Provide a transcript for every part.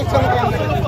extrêmement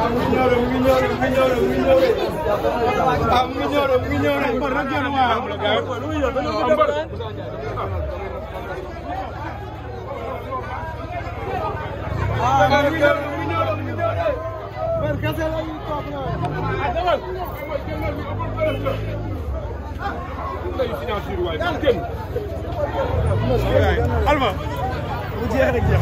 ah mu ngi ñëw de mu ngi ñëw de mu ngi ñëw de mu ngi ñëw de ah mu ngi ñëw de mu ngi ñëw de mbër rek génn waaw mbër. ah mu ngi ñëw de mu ngi ñëw de mu ngi ñëw de. mbër kese la ñuy toog ñëw. alma. bu jeex rek jeex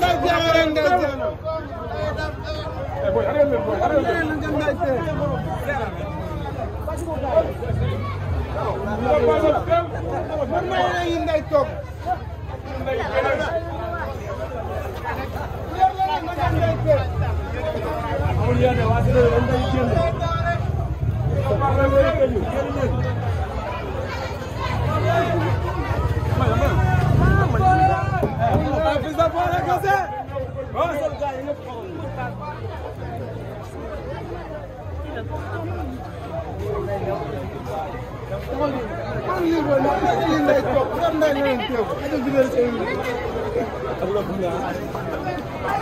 na bilaay. Koulibaly waa si réew dañ koy génn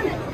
Thank you.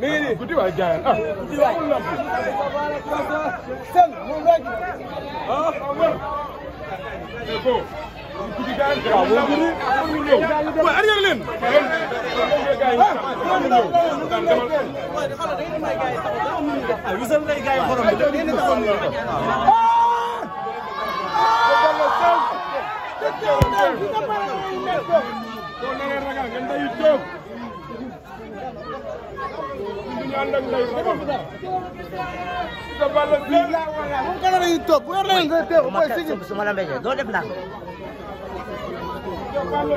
Nini? Kuti wa jayan. Ah. Kuti wa. Sen, mo lagi. Ah, awer. Eko. Kuti jayan kra wo gini. Mo ñew. Wa arrière len. Ah, wisal lay gaay xorom. Dene taxaw. ko na leen ragal nga ndeyu jóg ñu ànd ak ndeyu ragal Siteu Balla bi la wala bu ko la yu toog bu yor leen nga teew boy sigi su ma la mbéjee doo def ndànk Siteu Balla